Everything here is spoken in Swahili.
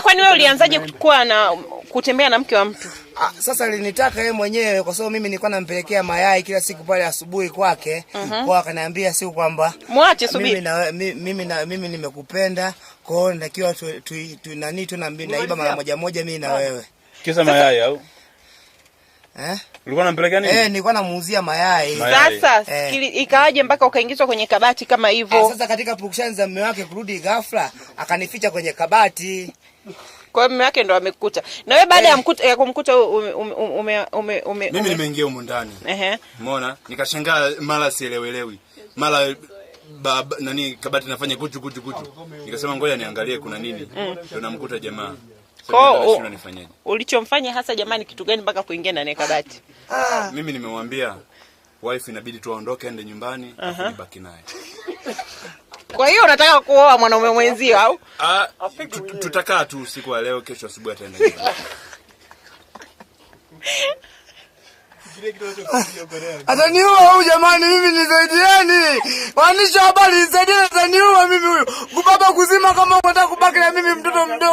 Kwani wewe ulianzaje kuchukua na kutembea na mke wa mtu? Ah, sasa linitaka yeye mwenyewe kwa sababu mimi nilikuwa nampelekea mayai kila siku pale asubuhi kwake. Uh mhm. -huh. Kwa akaniambia siku kwamba mwache subiri. Mimi na mimi na mimi nimekupenda, kwa hiyo natakiwa tu, tu, tu nani tu naiba mara moja moja mimi na ah. wewe. Kisa mayai au? Eh? Ulikuwa unampelekea nini? Eh, nilikuwa namuuzia mayai. Sasa eh, ikawaje mpaka ukaingizwa kwenye kabati kama hivyo? Ah, sasa katika purukushani za mume wake kurudi ghafla akanificha kwenye kabati. Kwa hiyo mume wake ndo amekuta. Na wewe baada eh, ya kumkuta ume, ume, ume, ume, mimi nimeingia humo ndani. Ehe. Umeona? Nikashangaa mara sielewelewi. Mara baba nani kabati nafanya kuchu kuchu kuchu. Nikasema ngoja niangalie kuna nini. Ndio mm. namkuta jamaa. Kwao ulichomfanya hasa jamani, kitu gani mpaka kuingia ndani ya kabati? Ah. mimi nimemwambia wife inabidi tuondoke ende nyumbani, uh Nibaki naye. Kwa hiyo unataka kuoa mwanaume mwenzio au? Ah, tutakaa tu usiku wa leo, kesho asubuhi ataenda Ataniua huyu jamani, mimi nisaidieni. Waandishi wa habari nisaidieni, ataniua mimi huyu. Kubaba kuzima kama unataka kubaki na mimi mtoto mdogo.